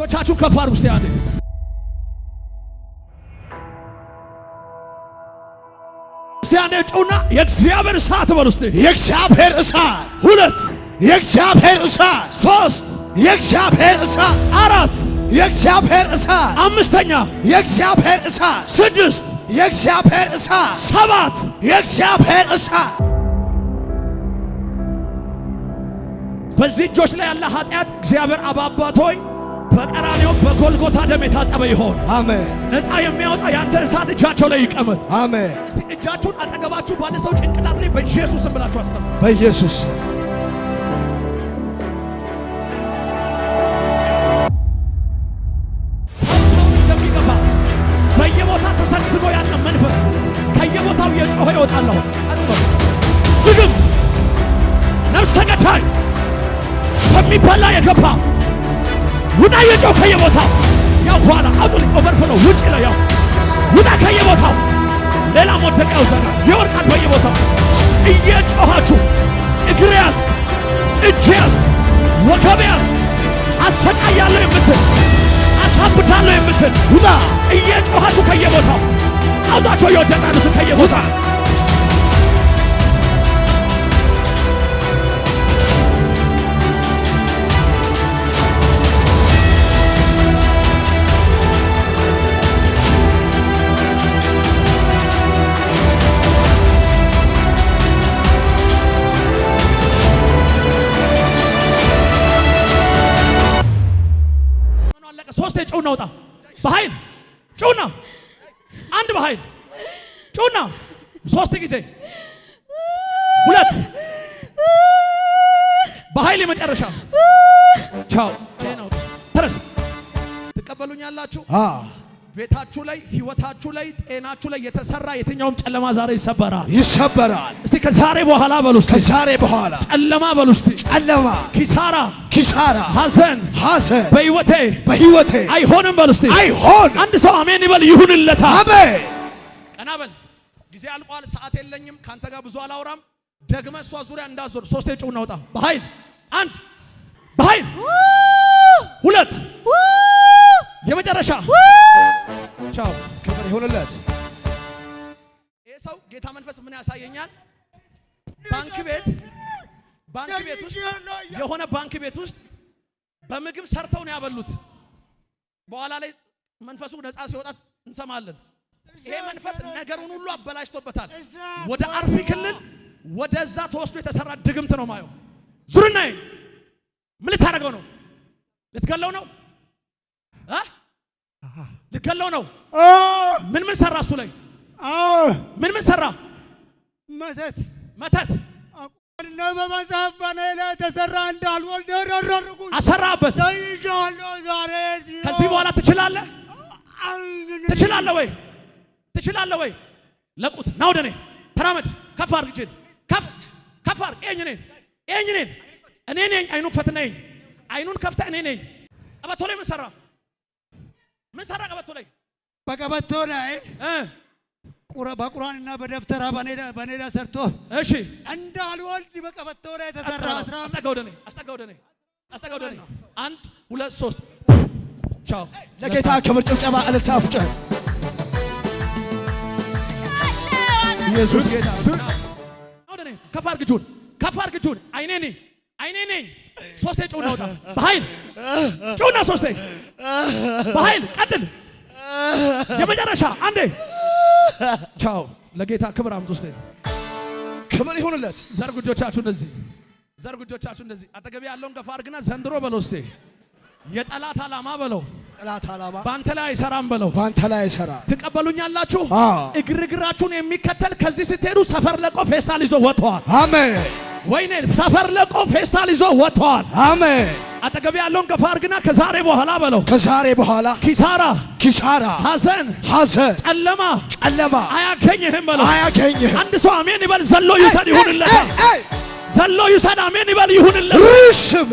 እጆቻችሁ ከፋር ውስጥ ያለ አንዴ። እስቲ ጩና የእግዚአብሔር እሳት በሉ ውስጥ የእግዚአብሔር እሳት ሁለት የእግዚአብሔር እሳት ሶስት የእግዚአብሔር እሳት አራት የእግዚአብሔር እሳት አምስተኛ የእግዚአብሔር እሳት ስድስት የእግዚአብሔር እሳት ሰባት የእግዚአብሔር እሳት። በዚህ እጆች ላይ ያለ ኃጢአት እግዚአብሔር አባባት ሆይ በቀራኔው በጎልጎታ ደም የታጠበ ይሆን። አሜን። ነፃ የሚያወጣ ያንተ እሳት እጃቸው ላይ ይቀመጥ። አሜን። እስቲ እጃችሁን አጠገባችሁ ባለ ሰው ጭንቅላት ላይ በኢየሱስ ስም ብላችሁ አስቀምጡ። በኢየሱስ ሰውን እንደሚገፋ በየቦታ ተሰግስጎ ያለ መንፈስ ከየቦታው የጮኸ ይወጣለሁ። ዝግም ነፍሰ ገዳይ ከሚበላ የገባ ውጣ የጮህ ከየቦታው ያው በኋላ አውጡልኝ ኦቨርፍሎ ውጭ ነው ያው ውጣ ከየቦታው ሌላ መወደቂያው ዘጋ ይወርቃል በየቦታው እየጮኋችሁ እግሬ ያስክ እጅ ያስክ ወገቤ ያስክ አሰቃያለሁ የምትል አሳብታለሁ የምትል ውጣ እየጮኋችሁ ከየቦታው አውጣቸው የወደቃሉትን ከየቦታ እናውጣ። በኃይል ጩና አንድ በኃይል ጩና ሶስት ጊዜ ሁለት በኃይል የመጨረሻ ቻው። ተረስ ትቀበሉኛላችሁ። ቤታችሁ ላይ፣ ህይወታችሁ ላይ፣ ጤናችሁ ላይ የተሰራ የትኛውም ጨለማ ዛሬ ይሰበራል፣ ይሰበራል። እስቲ ከዛሬ በኋላ በሉ፣ እስቲ ከዛሬ በኋላ ጨለማ በሉ፣ እስቲ ጨለማ፣ ኪሳራ፣ ኪሳራ፣ ሐዘን፣ ሐዘን በህይወቴ፣ በህይወቴ አይሆንም በሉ፣ እስቲ አይሆን። አንድ ሰው አሜን ይበል። ይሁንለታ። አሜን። ቀና በል። ጊዜ አልቋል። ሰዓት የለኝም። ካንተ ጋር ብዙ አላውራም ደግመ እሷ ዙሪያ እንዳዞር። ሶስቴ ጩውና ወጣ። በኃይል አንድ፣ በኃይል ሁለት፣ የመጨረሻ ይሁንለት። ይህ ሰው ጌታ መንፈስ ምን ያሳየኛል? ባንክ ቤት ባንክ ቤት ውስጥ የሆነ ባንክ ቤት ውስጥ በምግብ ሰርተው ነው ያበሉት። በኋላ ላይ መንፈሱ ነፃ ሲወጣት እንሰማለን። ይሄ መንፈስ ነገሩን ሁሉ አበላሽቶበታል። ወደ አርሲ ክልል ወደዛ ተወስዶ የተሰራ ድግምት ነው ማየው። ዙርናዬ ምን ልታደርገው ነው? ልትገለው ነው? ልገለው ነው። ምን ምን ሰራ? እሱ ላይ ምን ምን ሰራ? መተት መተት በመጽሐፍ በኔ ላይ ተሰራ እንዳልወልድ ረረርጉ አሰራበት። ከዚህ በኋላ ትችላለህ፣ ትችላለህ ወይ? ትችላለህ ወይ? ለቁት ና ወደ እኔ ተራመድ። ከፍ አድርግ እጅን ከፍ ከፍ አድርግ። እኔ ነኝ እኔ ነኝ እኔ ነኝ። አይኑን ክፈትና ነኝ አይኑን ከፍተህ እኔ ነኝ። አባቶ ላይ ምን ሰራ? ምን ሰራ? ቀበቶ ላይ በቀበቶ ላይ በቁራንና በደብተራ በኔዳ ሰርቶ እሺ፣ እንዳልወልድ በቀበቶ ላይ የተሰራ አስጠጋ ወደ እኔ፣ አስጠጋ ወደ እኔ፣ አስጠጋ ወደ እኔ። አንድ ሁለት ሶስት። ቻው። ለጌታ ክብር ጭብጨባ፣ እልልታ፣ ፉጨት። ኢየሱስ ጌታ ወደ እኔ ከፍ አድርግ እጁን፣ ከፍ አድርግ እጁን። አይኔ ነኝ፣ አይኔ ነኝ። ሶስቴ ጩና ወጣ በኃይል ጩና ሶስቴ በኃይል ቀጥል። የመጨረሻ አንዴ ቻው። ለጌታ ክብር አምጡ። ውስጥ ክብር ይሁንለት። ዘርጉ እጆቻችሁ እንደዚህ፣ ዘርጉ እጆቻችሁ እንደዚህ። አጠገብ ያለውን ገፋ አድርግና ዘንድሮ በለው እስቴ የጠላት ዓላማ በለው ጠላት ዓላማ ባንተ ላይ አይሰራም በለው ባንተ ላይ አይሰራ። ትቀበሉኛላችሁ። እግርግራችሁን የሚከተል ከዚህ ስትሄዱ ሰፈር ለቆ ፌስታል ይዞ ወጥተዋል። አሜን። ወይኔ ሰፈር ለቆ ፌስታል ይዞ ወጥተዋል። አሜን። አጠገብ ያለውን ገፋ አድርግና ከዛሬ በኋላ በለው። ከዛሬ በኋላ ኪሳራ ኪሳራ፣ ሐዘን ሐዘን፣ ጨለማ ጨለማ አያገኝህም በለው። አያገኝህም። አንድ ሰው አሜን ይበል። ዘሎ ይውሰድ ይሁንለት። ዘሎ ይውሰድ አሜን ይበል ይሁንለት። ርሽብ